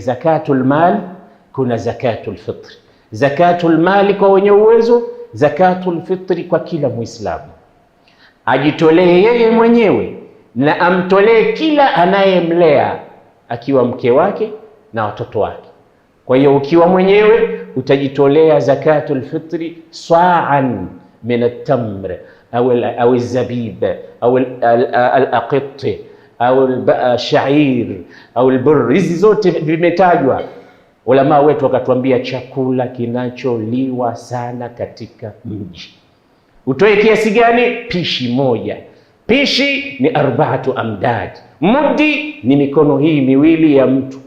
Zakatul mal kuna zakatul fitri, zakatul mali kwa wenye uwezo, zakatul fitri kwa kila Muislamu ajitolee yeye mwenyewe na amtolee kila anayemlea akiwa mke wake na watoto wake. Kwa hiyo ukiwa mwenyewe utajitolea zakatul fitri sa'an min at-tamr au al-zabib au al-aqit au eh, shair au lbur, hizi zote vimetajwa. Ulamaa wetu wakatuambia chakula kinacholiwa sana katika mji utoe kiasi gani? Pishi moja, pishi ni arbaatu amdad, mudi ni mikono hii miwili ya mtu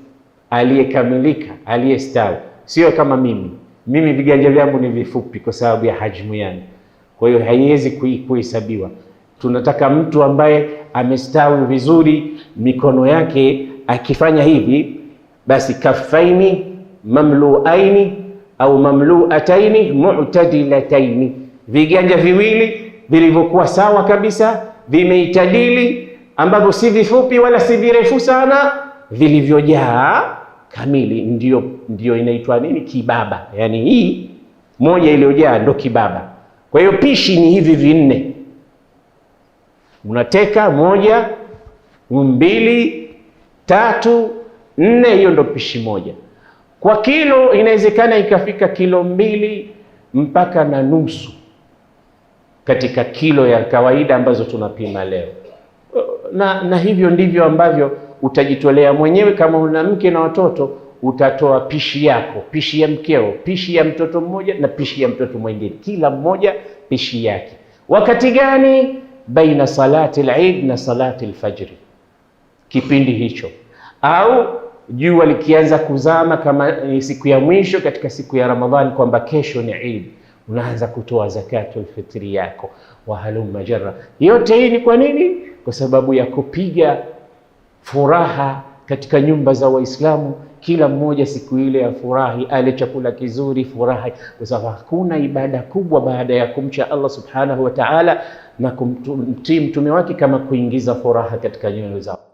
aliyekamilika aliyestawi, sio kama mimi. Mimi viganja vyangu ni vifupi kwa sababu ya hajmu yangu, kwa hiyo haiwezi kuhesabiwa. Tunataka mtu ambaye amestawi vizuri, mikono yake akifanya hivi, basi kafaini mamluaini au mamluataini mu'tadilataini, viganja viwili vilivyokuwa sawa kabisa, vimeitadili, ambavyo si vifupi wala si virefu sana, vilivyojaa kamili, ndio ndio inaitwa nini, kibaba. Yani hii moja iliyojaa ndo kibaba. Kwa hiyo pishi ni hivi vinne unateka moja, mbili, tatu, nne. Hiyo ndo pishi moja kwa kilo, inawezekana ikafika kilo mbili mpaka na nusu katika kilo ya kawaida ambazo tunapima leo, na na hivyo ndivyo ambavyo utajitolea mwenyewe. Kama una mke na watoto, utatoa pishi yako, pishi ya mkeo, pishi ya mtoto mmoja na pishi ya mtoto mwingine, kila mmoja pishi yake. Wakati gani? baina salati al-eid na salati al fajr kipindi hicho au jua likianza kuzama kama eh, siku ya mwisho katika siku ya Ramadhani, kwamba kesho ni Eid, unaanza kutoa al fitri yako wa halumma jarra. Yote hii ni kwa nini? Kwa sababu ya kupiga furaha katika nyumba za Waislamu, kila mmoja siku ile ya furahi ale chakula kizuri, furahi, kwa sababu hakuna ibada kubwa baada ya kumcha Allah subhanahu wa ta'ala na kumtii mtume wake kama kuingiza furaha katika nyoyo zao.